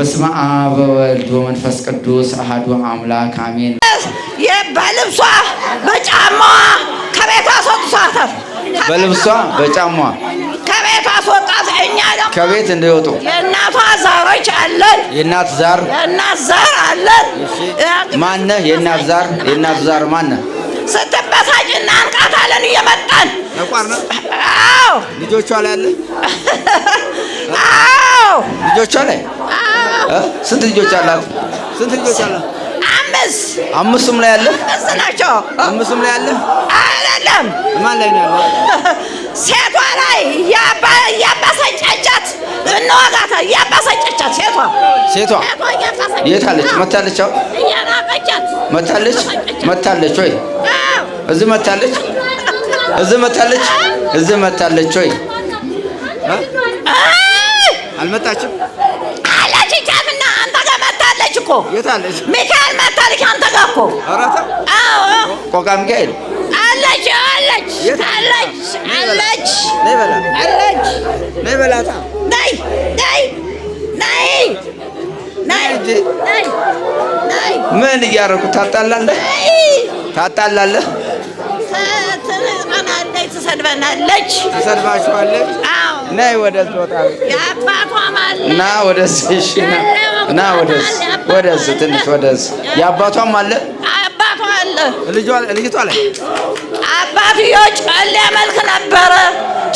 በስመ አብ ወወልድ ወመንፈስ ቅዱስ አሐዱ አምላክ አሜን። በልብሷ በጫማዋ ከቤቷ አስወጥቷታል። በልብሷ በጫማዋ ከቤቷ አስወጣት። እኛ ደግሞ ከቤት እንዲወጡ የእናቷ ዛሮች አለን። የእናት ዛር የእናት ዛር አለን። ማነህ? የእናት ዛር የእናት ዛር ማነህ? ስትበሳጭና አንቃታለን እየመጣን ነቋር ነው። አዎ ልጆቿ ላይ አለ። አዎ ልጆቿ ላይ ስንት ልጆች አለ? ስንት ልጆች አለ? አምስት አምስቱም ላይ አለ። አምስት ናቸው። አምስቱም ላይ አለ። አይደለም ማን ላይ ነው ያለው? ሴቷ ላይ እያባሰጨቻት እንወጋታ። እያባሰጨቻት ሴቷ ሴቷ የት አለች? መታለች። አሁን መታለች መታለች ወይ እዚህ መታለች፣ እዚህ መታለች፣ እዚህ መታለች። ወይ አልመጣችም አለች ጫፍና አንተ ጋር መታለች እኮ የታለች? ሚካኤል መታለች አንተ ጋር እኮ ቆቃ ሚካኤል አለች አለች አለች አለች አለች ነይ በላታ ነይ ነይ ነይ ምን እያደረኩ ታጣላለህ ታጣላለህ ትሰድበናለች፣ ትሰድባችኋለች። ነይ ወደዚህ ወጣ እና ወደዚህ እሺ፣ እና ወደዚህ ወደዚህ ትንሽ ወደዚህ የአባቷም አለ አባቷ አለ ልጅቷ አለ አባትዮ ጨሌ መልክ ነበረ።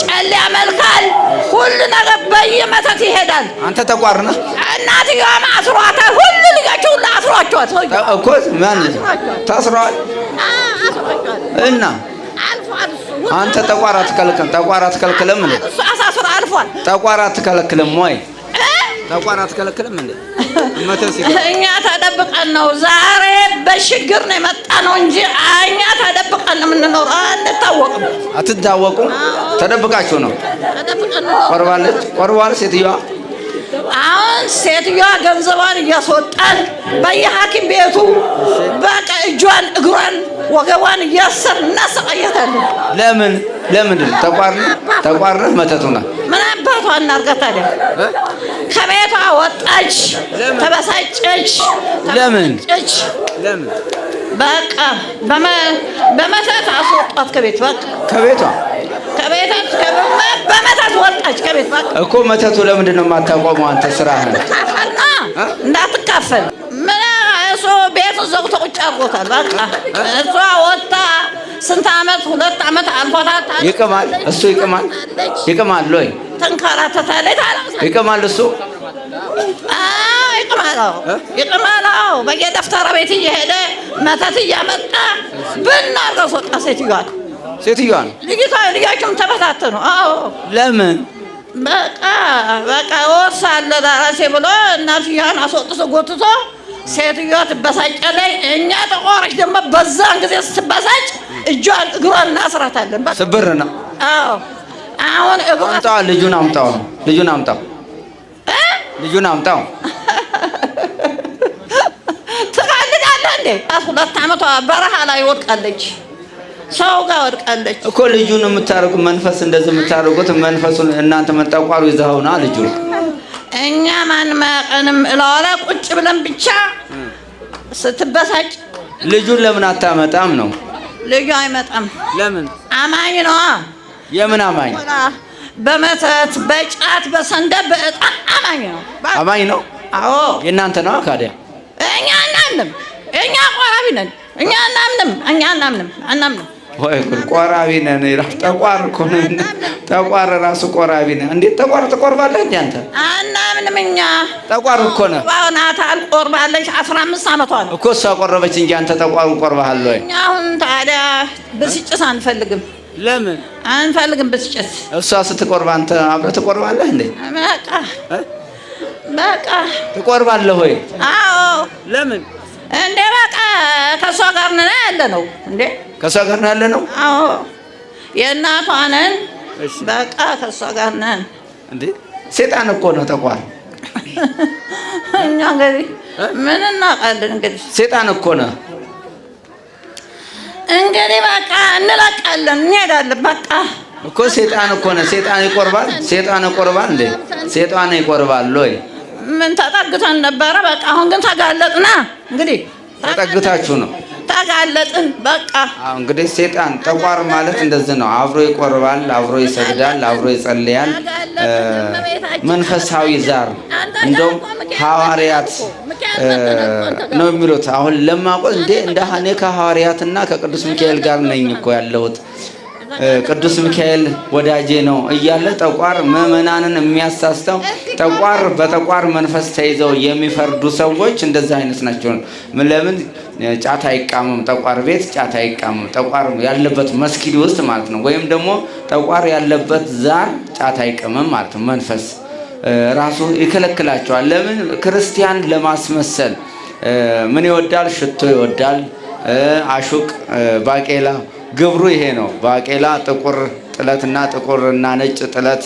ጨሌ መልካል ሁሉ ነገር በየመተት ይሄዳል። አንተ ተቋርነ እናትዮም አስሯታል። ሁሉ ልጆች ሁሉ አስሯቸዋል እኮ ማን ታስሯል እና አንተ ጠቋር አትከልክልም፣ ጠቋር አትከልክልም እንዴ? አሳስሮ አልፏል። ጠቋር አትከልክልም ወይ? ጠቋር አትከልክልም እንዴ? እኛ ተደብቀን ነው ዛሬ በሽግር ነው የመጣ ነው እንጂ እኛ ተደብቀን የምንኖር አንታወቅም። አትታወቁም? ተደብቃችሁ ነው። ተደብቀን ነው። ቆርባለች፣ ቆርባል ሴትዮዋ አሁን ሴትዮዋ ገንዘቧን እያስወጣን በየሐኪም ቤቱ በቃ እጇን እግሯን ወገቧን እያሰር እናሰቃያታለን። ለምን ለምንድን ተቋርነት መተቱና ምን አባቷ እናድርጋት ከቤቷ ወጣች፣ ተበሳጨች። ለምን ለምን በቃ በመታት አስወጣት ከቤት በቃ ከቤቷ ከቤታት በመታት ወጣች ከቤት በቃ እኮ መተቱ ለምንድን ነው የማታቆመው? አንተ ስራህን እንዳትካፈል ምን እሱ ቤቱን ዘግቶ ቁጭ አድርጎታል። በቃ እሷ ወጣ ስንት አመት ሁለት አመት አልፏታት። ይቅማል እሱ ይቅማል ይቅማል ሎይ ተንከራተታለች ይቅማል እሱ ይቅማለው ይቅማለው በየደፍተራ ቤት እየሄደ መተት እያመጣ ብናርገው ስወጣ ሴትዮዋን ሴትዮዋን ልጅቷ ልጆቹም ተበታተኑ። አዎ ለምን በቃ በቃ ወሳለ ዳራሴ ብሎ እናትየዋን አስወጥቶ ጎትቶ ሴትዮዋ ትበሳጨለኝ። እኛ ተቆረች ደግሞ በዛን ጊዜ ስትበሳጭ እጇን እግሯን እናስራታለን። ስብር ነው። አዎ አሁን እግሯ ልጁን አምጣው ልጁን አምጣው ልጁን አምጣው። ትቀልዳለህ እንዴ? ሁለት ዓመቷ በረሃ ላይ ወድቃለች፣ ሰው ጋር ወድቃለች እኮ። ልጁን የምታደርጉ መንፈስ እንደዚህ የምታደርጉት መንፈሱን እናንተ መንጠቋሩ ይዘኸውና ልጁ እኛ ማን አያውቀንም። እለዋለ ቁጭ ብለን ብቻ ስትበሳጭ ልጁን ለምን አታመጣም ነው? ልጁ አይመጣም። ለምን? አማኝ ነዋ። የምን አማኝ በመተት በጫት በሰንደብ በእጣን አማኝ ነው። አማኝ ነው። አዎ የእናንተ ነው። ካዲያ እኛ እናምንም፣ እኛ ቆራቢ ነን። እኛ እናምንም፣ እኛ እናምንም፣ አናምንም። ወይ ቆራቢ ነን ይራፍ ጠቋር እኮ ነን። ጠቋር ራሱ ቆራቢ ነን። እንዴት ጠቋር ትቆርባለህ? እንደ አንተ አናምንም። እኛ ጠቋር እኮ ነህ። ናታል ቆርባለች። አስራ አምስት ዓመቷ ነው እኮ እሷ ቆረበች እንጂ አንተ ጠቋሩ ቆርባሃል ወይ? እኛ አሁን ታዲያ ብስጭት አንፈልግም። ለምን አንፈልግም ብስጭት። እሷ ስትቆርብ አንተ አብረህ ትቆርባለህ እንዴ? በቃ በቃ ትቆርባለህ ወይ? አዎ። ለምን እንዴ? በቃ ከእሷ ጋር ነን ያለ ነው እንዴ? ከእሷ ጋር ነን ያለ ነው። አዎ፣ የእናቷ ነን። በቃ ከእሷ ጋር ነን እንዴ? ሴጣን እኮ ነው ተቋል። እኛ እንግዲህ ምን እናውቃለን እንግዲህ ሴጣን እኮ ነው እንግዲህ በቃ እንለቃለን፣ እንሄዳለን። በቃ እኮ ሴጣን እኮ ነው። ሴጣን ይቆርባል፣ ሴጣን ይቆርባል እንዴ! ሴጣን ይቆርባል ወይ? ምን ተጠግተን ነበረ። በቃ አሁን ግን ተጋለጥና እንግዲህ ተጠግታችሁ ነው ተጋለጥን። በቃ አሁን እንግዲህ ሰይጣን ጠቋር ማለት እንደዚህ ነው። አብሮ ይቆርባል፣ አብሮ ይሰግዳል፣ አብሮ ይጸልያል። መንፈሳዊ ዛር እንደውም ሐዋርያት ነው የሚሉት። አሁን ለማቆስ እንደ እኔ ከሐዋርያትና ከቅዱስ ሚካኤል ጋር ነኝ እኮ ያለሁት ቅዱስ ሚካኤል ወዳጄ ነው እያለ ጠቋር ምዕመናንን የሚያሳስተው ጠቋር በጠቋር መንፈስ ተይዘው የሚፈርዱ ሰዎች እንደዛ አይነት ናቸው። ለምን ጫት አይቃምም? ጠቋር ቤት ጫት አይቃምም። ጠቋር ያለበት መስጊድ ውስጥ ማለት ነው። ወይም ደግሞ ጠቋር ያለበት ዛር ጫት አይቀምም ማለት ነው። መንፈስ ራሱ ይከለክላቸዋል። ለምን? ክርስቲያን ለማስመሰል ምን ይወዳል? ሽቶ ይወዳል፣ አሹቅ፣ ባቄላ ግብሩ ይሄ ነው። ባቄላ ጥቁር ጥለትና ጥቁርና ነጭ ጥለት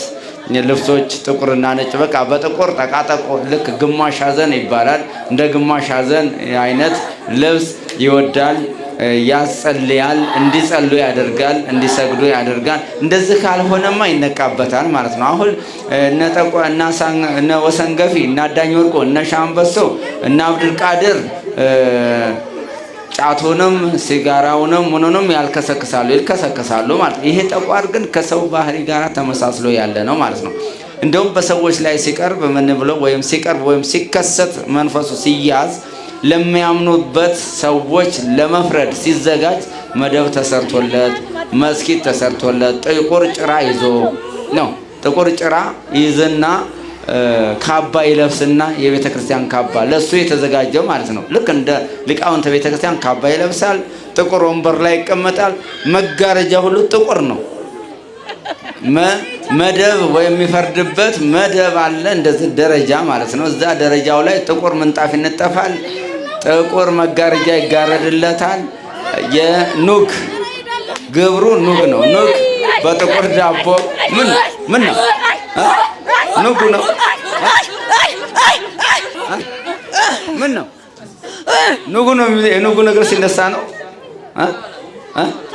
ልብሶች ጥቁርና ነጭ በቃ በጥቁር ጠቃጠቆ ልክ ግማሽ ሐዘን ይባላል። እንደ ግማሽ ሐዘን አይነት ልብስ ይወዳል፣ ያጸልያል፣ እንዲጸሉ ያደርጋል፣ እንዲሰግዱ ያደርጋል። እንደዚህ ካልሆነማ ይነቃበታል ማለት ነው። አሁን እነ ወሰንገፊ፣ እና አዳኝ ወርቆ፣ እነ ሻምበሶ፣ እና አብዱልቃድር ጫቱንም ሲጋራውንም ምኑንም ያልከሰክሳሉ ይልከሰክሳሉ ማለት ይሄ ጠቋር ግን ከሰው ባህሪ ጋር ተመሳስሎ ያለ ነው ማለት ነው። እንደውም በሰዎች ላይ ሲቀርብ ምን ብሎ ወይም ሲቀርብ ወይም ሲከሰት መንፈሱ ሲያዝ ለሚያምኑበት ሰዎች ለመፍረድ ሲዘጋጅ መደብ ተሰርቶለት መስኪት ተሰርቶለት ጥቁር ጭራ ይዞ ነው። ጥቁር ጭራ ይዝና ካባ ይለብስና የቤተ ክርስቲያን ካባ ለእሱ የተዘጋጀው ማለት ነው። ልክ እንደ ሊቃውንተ ቤተ ክርስቲያን ካባ ይለብሳል። ጥቁር ወንበር ላይ ይቀመጣል። መጋረጃ ሁሉ ጥቁር ነው። መደብ ወይም የሚፈርድበት መደብ አለ፣ እንደዚህ ደረጃ ማለት ነው። እዛ ደረጃው ላይ ጥቁር ምንጣፍ ይነጠፋል። ጥቁር መጋረጃ ይጋረድለታል። የኑግ ግብሩ ኑግ ነው። ኑግ በጥቁር ዳቦ ምን ምን ነው ንጉ ነው ምን ነው ንጉ ነው ንጉ ነገር ሲነሳ ነው።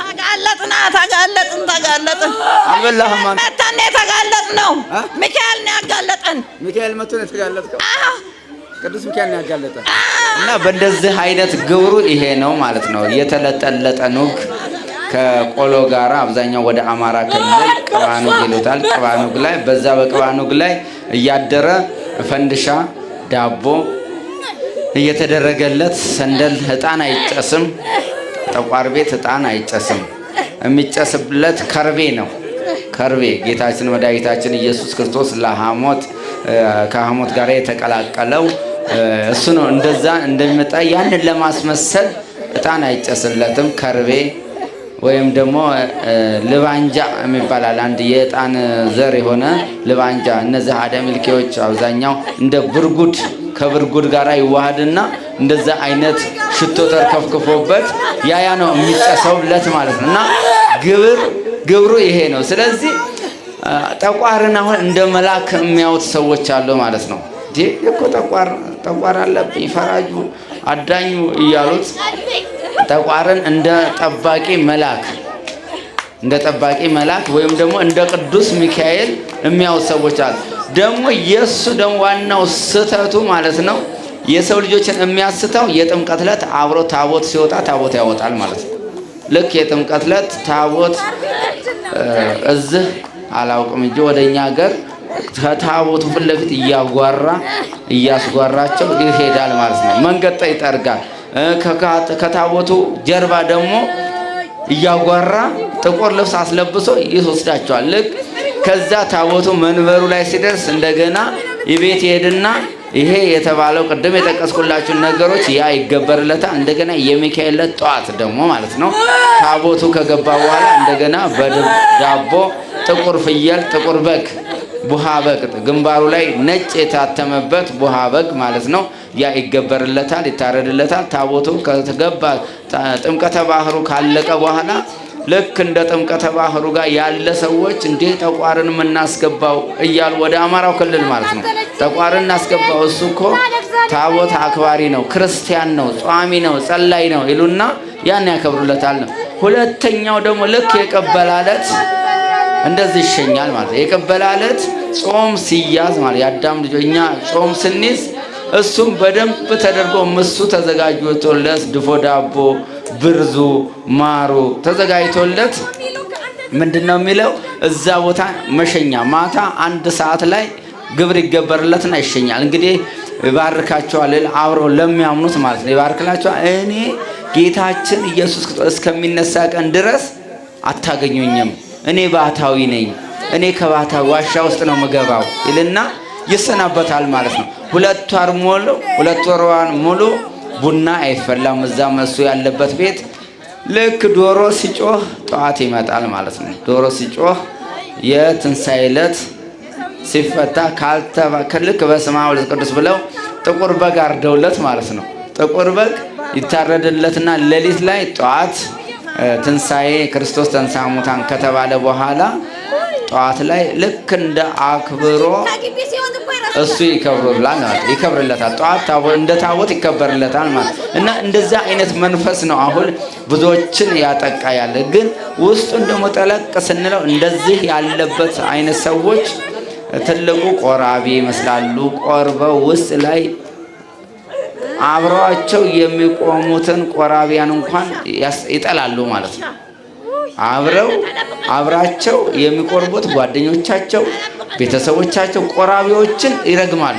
ተጋለጥና ተጋለጥን ተጋለጥን አልበላህም። መተን የተጋለጥ ነው። ሚካኤል ነው ያጋለጠን። ሚካኤል መቶ ነው የተጋለጥከው። ቅዱስ ሚካኤል ነው ያጋለጠን እና በእንደዚህ አይነት ግብሩ ይሄ ነው ማለት ነው የተለጠለጠ ኑግ ከቆሎ ጋራ አብዛኛው ወደ አማራ ክልል ቅባኑግ ይሉታል። ቅባኑግ ላይ በዛ በቅባኑግ ላይ እያደረ ፈንድሻ ዳቦ እየተደረገለት ሰንደል እጣን አይጨስም። ጠቋር ቤት እጣን አይጨስም። የሚጨስለት ከርቤ ነው። ከርቤ ጌታችን መድኃኒታችን ኢየሱስ ክርስቶስ ለሐሞት ከሐሞት ጋር የተቀላቀለው እሱ ነው። እንደዛ እንደሚመጣ ያንን ለማስመሰል እጣን አይጨስለትም። ከርቤ ወይም ደግሞ ልባንጃ የሚባላል አንድ የዕጣን ዘር የሆነ ልባንጃ። እነዚህ አደሚልኬዎች አብዛኛው እንደ ብርጉድ ከብርጉድ ጋር ይዋሃድና እንደዛ አይነት ሽቶ ተርከፍክፎበት ያያ ነው የሚጨሰው ለት ማለት ነው። እና ግብር ግብሩ ይሄ ነው። ስለዚህ ጠቋርን አሁን እንደ መልአክ የሚያዩት ሰዎች አሉ ማለት ነው። እኮ ጠቋር ጠቋር አለብኝ ፈራጁ አዳኙ እያሉት ጠቋርን እንደ ጠባቂ መልአክ እንደ ጠባቂ መልአክ ወይም ደግሞ እንደ ቅዱስ ሚካኤል የሚያዩት ሰዎች አሉ። ደግሞ የእሱ ደግሞ ዋናው ስህተቱ ማለት ነው የሰው ልጆችን የሚያስተው የጥምቀት ዕለት አብሮ ታቦት ሲወጣ ታቦት ያወጣል ማለት ነው። ልክ የጥምቀት ዕለት ታቦት እዚህ አላውቅም እንጂ ወደ እኛ ሀገር ከታቦቱ ፊት ለፊት እያጓራ እያስጓራቸው ይሄዳል ማለት ነው። መንገድ ጠይጠርጋል ከታቦቱ ጀርባ ደግሞ እያጓራ ጥቁር ልብስ አስለብሶ ይወስዳቸዋል። ልክ ከዛ ታቦቱ መንበሩ ላይ ሲደርስ እንደገና ይቤት ይሄድና ይሄ የተባለው ቅድም የጠቀስኩላችሁን ነገሮች ያ ይገበርለታ። እንደገና የሚካኤል ጠዋት ደግሞ ማለት ነው ታቦቱ ከገባ በኋላ እንደገና በዳቦ ጥቁር ፍየል፣ ጥቁር በግ ቡሃ በግ ግንባሩ ላይ ነጭ የታተመበት ቡሃ በግ ማለት ነው። ያ ይገበርለታል፣ ይታረድለታል። ታቦቱ ከተገባ ጥምቀተ ባህሩ ካለቀ በኋላ ልክ እንደ ጥምቀተ ባህሩ ጋር ያለ ሰዎች እንዴ ጠቋርን የምናስገባው እያሉ ወደ አማራው ክልል ማለት ነው ጠቋርን እናስገባው፣ እሱ እኮ ታቦት አክባሪ ነው፣ ክርስቲያን ነው፣ ጿሚ ነው፣ ጸላይ ነው ይሉና ያን ያከብሩለታል ነው። ሁለተኛው ደግሞ ልክ የቀበላለት እንደዚህ ይሸኛል ማለት ነው። የቅበላ ዕለት ጾም ሲያዝ ማለት የአዳም ልጆች እኛ ጾም ስንይዝ እሱም በደንብ ተደርጎ ምሱ ተዘጋጅቶለት ድፎ ዳቦ፣ ብርዙ፣ ማሩ ተዘጋጅቶለት ምንድን ነው የሚለው እዛ ቦታ መሸኛ ማታ አንድ ሰዓት ላይ ግብር ይገበርለትና ይሸኛል። እንግዲህ ይባርካቸዋል አብረው ለሚያምኑት ማለት ነው ይባርክላቸዋል። እኔ ጌታችን ኢየሱስ እስከሚነሳ ቀን ድረስ አታገኙኝም እኔ ባህታዊ ነኝ፣ እኔ ከባህታ ዋሻ ውስጥ ነው ምገባው ይልና ይሰናበታል ማለት ነው። ሁለት ወር ሙሉ ሁለት ወርዋን ሙሉ ቡና አይፈላም። እዛ መሱ ያለበት ቤት ልክ ዶሮ ሲጮህ ጠዋት ይመጣል ማለት ነው። ዶሮ ሲጮህ የትንሣኤ ዕለት ሲፈታ ካልተባከልክ በስመ አብ ወወልድ ወቅዱስ ብለው ጥቁር በግ አርደውለት ማለት ነው። ጥቁር በግ ይታረድለትና ሌሊት ላይ ጠዋት ትንሣኤ ክርስቶስ ተንሥአ እሙታን ከተባለ በኋላ ጠዋት ላይ ልክ እንደ አክብሮ እሱ ይከብሩላል ማለት ይከብርለታል። ጠዋት እንደ ታቦት ይከበርለታል ማለት እና እንደዛ አይነት መንፈስ ነው አሁን ብዙዎችን ያጠቃ ያለ። ግን ውስጡን ደግሞ ጠለቅ ስንለው እንደዚህ ያለበት አይነት ሰዎች ትልቁ ቆራቢ ይመስላሉ። ቆርበው ውስጥ ላይ አብረዋቸው የሚቆሙትን ቆራቢያን እንኳን ይጠላሉ ማለት ነው። አብረው አብራቸው የሚቆርቡት ጓደኞቻቸው፣ ቤተሰቦቻቸው ቆራቢዎችን ይረግማሉ።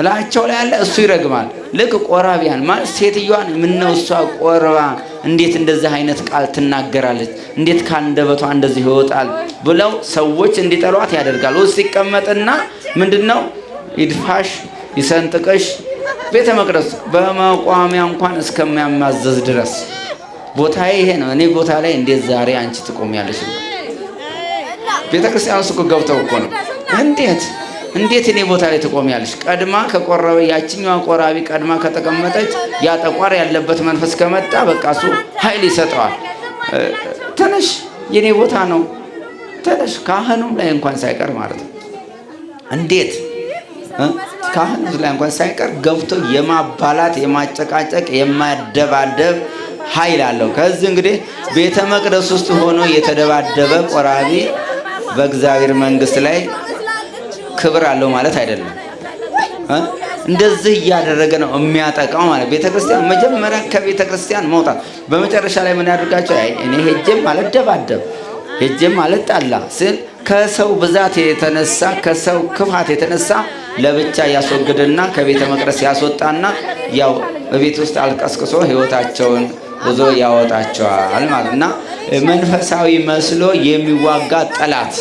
እላቸው ላይ ያለ እሱ ይረግማል። ልክ ቆራቢያን ማለት ሴትዮዋን ምነው እሷ ቆርባ እንዴት እንደዚህ አይነት ቃል ትናገራለች? እንዴት ካንደበቷ እንደዚህ ይወጣል? ብለው ሰዎች እንዲጠሏት ያደርጋል። ውስጥ ይቀመጥና ምንድነው ይድፋሽ፣ ይሰንጥቀሽ ቤተ መቅደስ በመቋሚያ እንኳን እስከሚያማዘዝ ድረስ ቦታ ይሄ ነው፣ እኔ ቦታ ላይ እንዴት ዛሬ አንቺ ትቆሚያለሽ? ቤተ ክርስቲያን እኮ ገብተው እኮ ነው እንዴት እንዴት እኔ ቦታ ላይ ትቆሚያለሽ? ቀድማ ከቆረበ ያችኛዋ ቆራቢ ቀድማ ከተቀመጠች ያ ጠቋር ያለበት መንፈስ ከመጣ በቃ እሱ ኃይል ይሰጠዋል። ትንሽ የኔ ቦታ ነው ትንሽ ካህኑም ላይ እንኳን ሳይቀር ማለት ነው እንዴት ካህን ላይ እንኳን ሳይቀር ገብቶ የማባላት የማጨቃጨቅ የማደባደብ ኃይል አለው። ከዚህ እንግዲህ ቤተ መቅደስ ውስጥ ሆኖ የተደባደበ ቆራቢ በእግዚአብሔር መንግስት ላይ ክብር አለው ማለት አይደለም። እንደዚህ እያደረገ ነው የሚያጠቃው ማለት ቤተ ክርስቲያን መጀመሪያ ከቤተ ክርስቲያን መውጣት፣ በመጨረሻ ላይ ምን ያደርጋቸው እኔ ሄጄም አልደባደብ ሄጄም አልጣላ ስል ከሰው ብዛት የተነሳ ከሰው ክፋት የተነሳ ለብቻ ያስወግድና ከቤተ መቅደስ ያስወጣና ያው በቤት ውስጥ አልቀስቅሶ ህይወታቸውን ብዙ ያወጣቸዋል ማለት መንፈሳዊ መስሎ የሚዋጋ ጠላት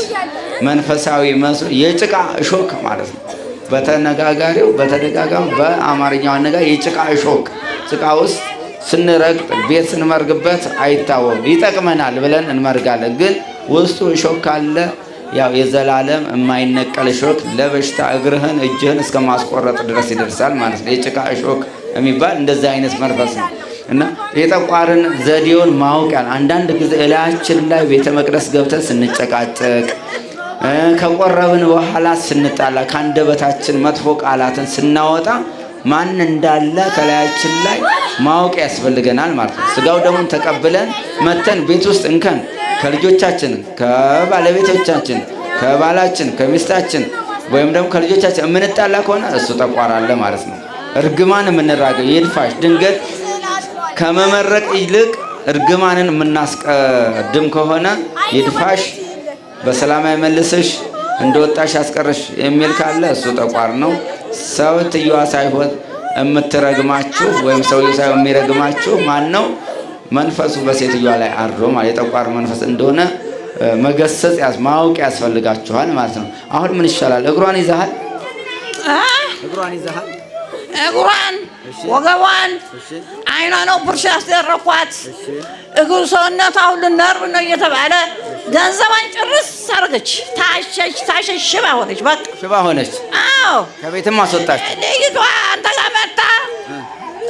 መንፈሳዊ መስሎ የጭቃ እሾክ ማለት ነው። በተነጋጋሪው በተደጋጋሚ በአማርኛው አነጋ የጭቃ እሾክ ጭቃ ውስጥ ስንረግጥ ቤት ስንመርግበት አይታወም። ይጠቅመናል ብለን እንመርጋለን፣ ግን ውስጡ እሾክ ካለ ያው የዘላለም የማይነቀል እሾክ ለበሽታ እግርህን እጅህን እስከ ማስቆረጥ ድረስ ይደርሳል ማለት ነው። የጭቃ እሾክ የሚባል እንደዚህ አይነት መንፈስ ነው እና የጠቋርን ዘዴውን ማወቅ ያል አንዳንድ ጊዜ እላያችን ላይ ቤተ መቅደስ ገብተን ስንጨቃጨቅ ከቆረብን በኋላ ስንጣላ ከአንደበታችን መጥፎ ቃላትን ስናወጣ ማን እንዳለ ከላያችን ላይ ማወቅ ያስፈልገናል ማለት ነው። ስጋው ደግሞ ተቀብለን መተን ቤት ውስጥ እንከን ከልጆቻችን፣ ከባለቤቶቻችን፣ ከባላችን፣ ከሚስታችን ወይም ደግሞ ከልጆቻችን የምንጣላ ከሆነ እሱ ጠቋራለ ማለት ነው። እርግማን የምንራገው ይድፋሽ። ድንገት ከመመረቅ ይልቅ እርግማንን የምናስቀድም ከሆነ ይድፋሽ፣ በሰላም አይመልስሽ፣ እንደወጣሽ ያስቀርሽ የሚል ካለ እሱ ጠቋር ነው። ሰው ሳይሆን የምትረግማችሁ ወይም ሰውየ ሳይሆን የሚረግማችሁ ማን ነው? መንፈሱ በሴትዮዋ ላይ አድሮ ማለት የጠቋር መንፈስ እንደሆነ መገሰጽ ማወቅ ያስፈልጋችኋል ማለት ነው። አሁን ምን ይሻላል? እግሯን ይዛሃል፣ እግሯን ይዛሃል፣ እግሯን ወገቧን፣ አይኗ ነው ብርሽ ያስደረኳት እግሩ ሰውነቷ ሁሉ ነርብ ነው እየተባለ ገንዘቧን ጭርስ አደረገች። ታሸች ታሸች፣ ሽባ ሆነች፣ በቃ ሽባ ሆነች። አዎ ከቤትም አስወጣች። ልይቷ አንተ ጋር መጣ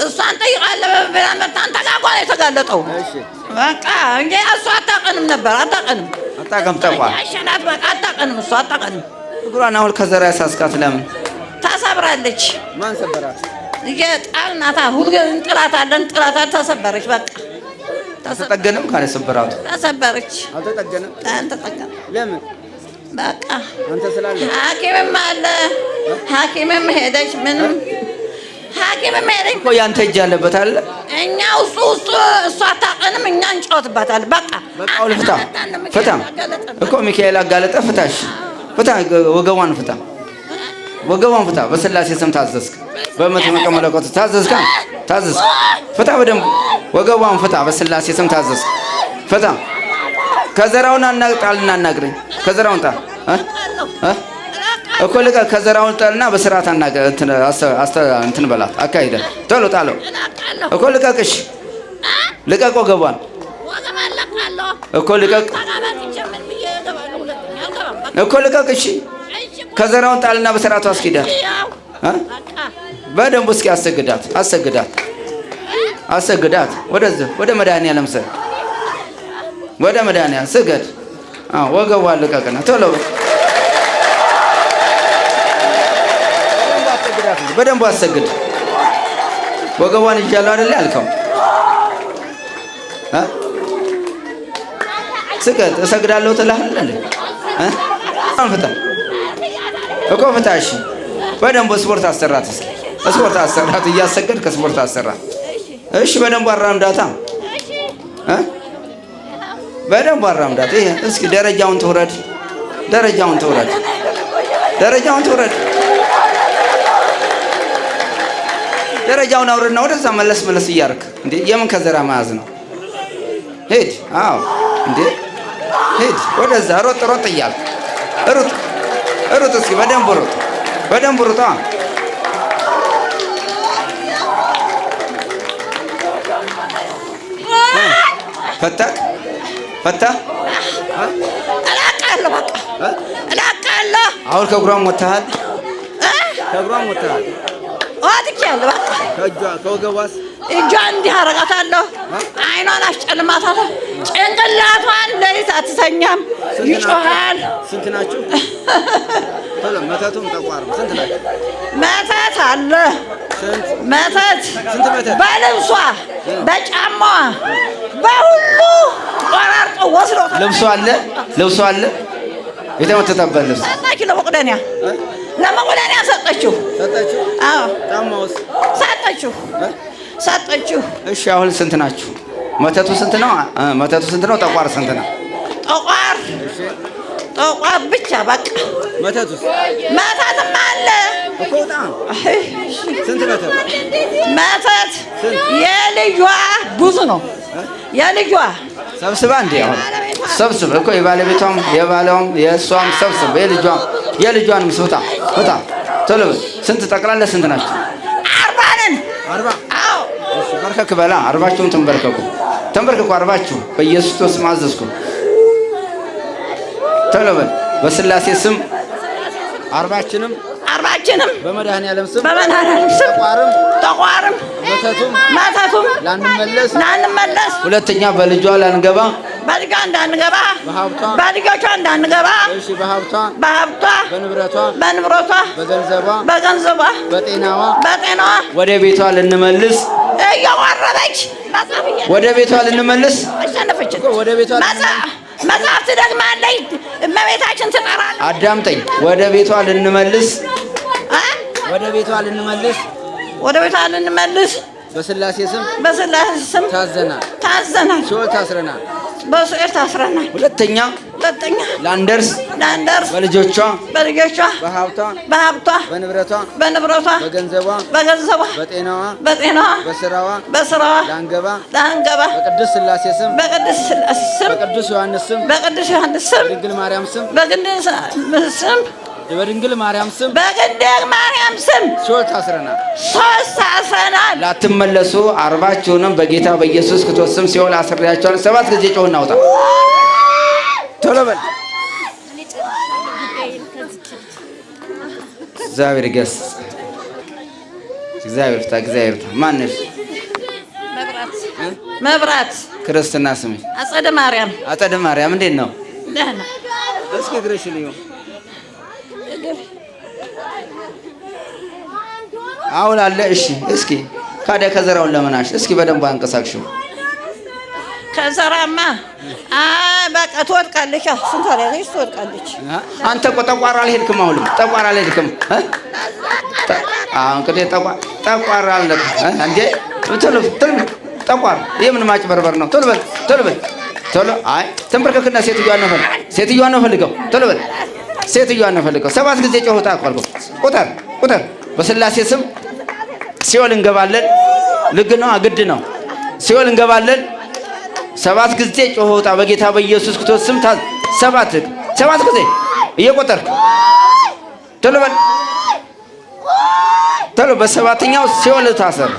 እሷን ጠይቃለህ ብላ መታ አንተ ጋር እኮ የተጋለጠው። በቃ እንጂ እሷ አታውቀንም ነበር አታውቀንም፣ አታውቅም ጠቋ ያሸናት በቃ አታውቀንም፣ እሷ አታውቀንም። እግሯን አሁን ከዘራ ያሳስካት ለምን ታሳብራለች? ማን ሰበራት? ጣልናታ ሁሉ እንጥላታለን፣ ጥላታ ተሰበረች። በቃ ተጠገንም ካለ ስብራቱ ተሰበረች። አልተጠገንም አልተጠገንም። ለምን በቃ አንተ ስላለ ሐኪምም አለ ሐኪምም ሄደች ምንም ሐኪምም ሄደኝ እኮ ያንተ እጅ አለበት አለ። እኛ እሱ እሱ እሱ አታውቀንም፣ እኛ እንጫወትበታል። በቃ በቃ ፍታ ፍታ እኮ ሚካኤል አጋለጠ። ፍታሽ ፍታ፣ ወገቧን ፍታ፣ ወገቧን ፍታ። በስላሴ ስም ታዘዝክ፣ በመጥምቀ መለኮት ታዘዝካ፣ ታዘዝክ። ፍታ በደንብ ወገቧን ፍታ፣ በስላሴ ስም ታዘዝክ። ፍታ ከዘራውን አናጣልና አናግረኝ ከዘራውን ጣ እኮ ልቀ ከዘራውን ጠልና በስርዓት አናገ እንትን በላት አካሂደ ቶሎ ጣለው እኮ ልቀቅሽ፣ ልቀቆ ወገቧን እኮ ልቀቅ እኮ ልቀቅ። እሺ ከዘራውን ጣልና በስርዓቱ አስኪዳት በደንቡ እስኪ አሰግዳት፣ አሰግዳት፣ አሰግዳት። ወደዚህ ወደ መድኃኒዓለም ስገድ፣ ወደ መድኃኒዓለም ስገድ። ወገቧን ልቀቅና ቶሎ በደንብ አሰግድ። ወገቧን ይዣለሁ አይደል ያልከው? ስቀጥ እሰግዳለሁ ትላህል አንፍታ እኮ ፍታ። እሺ በደንብ ስፖርት አሰራት፣ እስኪ ስፖርት አሰራት፣ እያሰገድክ ስፖርት አሰራት። እሺ በደንብ አራምዳታ፣ በደንብ አራምዳታ። ይሄ እስኪ ደረጃውን ትውረድ፣ ደረጃውን ትውረድ፣ ደረጃውን ትውረድ። ደረጃውን አውርድና ወደዛ መለስ መለስ እያርክ እንዴ! የምን ከዘራ መያዝ ነው? ሂድ። አዎ፣ እንዴ! ሂድ ወደዛ፣ ሮጥ ሮጥ እያልክ ሩጥ ሩጥ። እስኪ በደንብ ሩጥ፣ በደንብ ሩጥ። ፈታ ፈታ እላቃለሁ፣ በቃ እላቃለሁ። አሁን ከጉራም ወጥተሃል፣ ከጉራም ወጥተሃል። አደርጋታለሁ። ከወገቧስ እጇ እንዲህ አደርጋታለሁ። አይኗን አስጨልማታለሁ። ጭንቅላቷን ለሊት አትተኛም፣ ይጮሃል። ስንት ናችሁ? መተቱም ጠቋር ስንት ናችሁ? መተት አለ መተት በልብሷ በጫማዋ በሁሉ ቆራርጦ ወስዶ ልብሷ አለ ልብሷ አለ የተመተተበት ልብስ ኪሎ መቅደኒያ ለመንጉዳኔ ሰጠችው? ሰጠችሁ ሰጠችሁ። እሺ አሁን ስንት ናችሁ? መተቱ ስንት ነው? መተቱ ስንት ነው? ጠቋር ስንት ነው? ጠቋር ጠቋር ብቻ በቃ። መተቱስ? መተትም አለ መተት የልጇ ብዙ ነው። የልጇ ሰብስባ እንደ ሰብስብ እኮ የባለቤቷም የባለውም የእሷም ሰብስብ የልጇም የልጇን ምስ ወጣ ወጣ ቶሎ ስንት ጠቅላላ ስንት ናቸው? አርባ ነን። አርባ አዎ፣ በርከክ በላ አርባችሁን ተንበርከኩ፣ ተንበርከኩ አርባችሁ በኢየሱስ ስም አዘዝኩ። ቶሎ በል በስላሴ ስም አርባችንም አርባችንም በመድኃኒዓለም ስም በመድኃኒዓለም ስም ተቋርም ተቋርም መተቱም መተቱም ላንመለስ ላንመለስ ሁለተኛ በልጇ ላንገባ በልጇ እንዳንገባ በልጆቿ እንዳንገባ በሀብቷ በሀብቷ በንብረቷ በንብረቷ በገንዘቧ በገንዘቧ በጤናዋ በጤናዋ ወደ ቤቷ ልንመልስ እየወረበች ወደ ቤቷ ልንመልስ አሸነፈችን። ወደ መጽሐፍ ትደግማለች። እመቤታችን ትጠራለች። አዳምጠኝ። ወደ ቤቷ ልንመልስ ወደ ቤቷ ልንመልስ ወደ ቤቷ ልንመልስ በስላሴ ስም በስላሴ ስም ታዘናል ታዘናል ሲወል ታስረናል በሱኤል ታስረናል። ሁለተኛ ሁለተኛ ላንደርስ ላንደርስ በልጆቿ በልጆቿ በሀብቷ በሀብቷ በንብረቷ በንብረቷ በገንዘቧ በገንዘቧ በጤናዋ በጤናዋ በስራዋ በስራዋ ዳንገባ ዳንገባ በቅዱስ ስላሴ ስም በቅዱስ ስላሴ ስም በቅዱስ ዮሐንስ ስም በቅዱስ ዮሐንስ ስም በድንግል ማርያም ስም በግንድ ስም በድንግል ማርያም ስም በድንግል ማርያም ስም ሶስት አስረናል ሶስት አስረናል። ላትመለሱ አርባችሁንም በጌታ በኢየሱስ ክርስቶስ ስም ሲኦል አስሬያችኋል። ሰባት ጊዜ ጮህ እናውጣ። ቶሎ በል። እግዚአብሔር ገስ እግዚአብሔር ፍታ እግዚአብሔር ፍታ። ማንሽ መብራት ክርስትና ስሜ አጸደ ማርያም አጸደ ማርያም እንዴት ነው? ደህና እስኪ ድረሽልኝ አሁን አለ። እሺ እስኪ ካዲያ ከዘራውን ለመናሽ እስኪ በደንብ አንቀሳቅሽው። ከዘራማ በቃ ትወድቃለች። ስንት ትወድቃለች። አንተ እኮ ጠቋራ አልሄድክም። አሁንም ጠቋራ አልሄድክም። እንግዲህ ጠቋራ አልነበር እንዴ? ቶሎ ቶሎ ጠቋር የምን ማጭበርበር ነው? ቶሎ በል ቶሎ በል ቶሎ። አይ ትንበርከክና ሴትዮዋን ነው ፈልገው፣ ሴትዮዋን ነው ፈልገው። ቶሎ በል ሴትዮዋን ነው ፈልገው። ሰባት ጊዜ ጮህ። ቁጠር ቁጠር በስላሴ ስም ሲኦል እንገባለን። ልግ ነው፣ ግድ ነው። ሲኦል እንገባለን። ሰባት ጊዜ ጮኸ ውጣ በጌታ በኢየሱስ ክርስቶስ ስም። ሰባት ሰባት ጊዜ እየቆጠርክ ቶሎ በል ቶሎ። በሰባተኛው ሲኦል ታሰር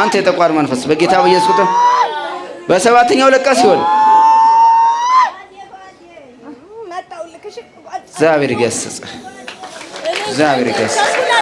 አንተ የጠቋር መንፈስ በጌታ በኢየሱስ ክርስቶስ በሰባተኛው ለቀ ሲኦል እግዚአብሔር ይገስጽ። እግዚአብሔር ይገስጽ።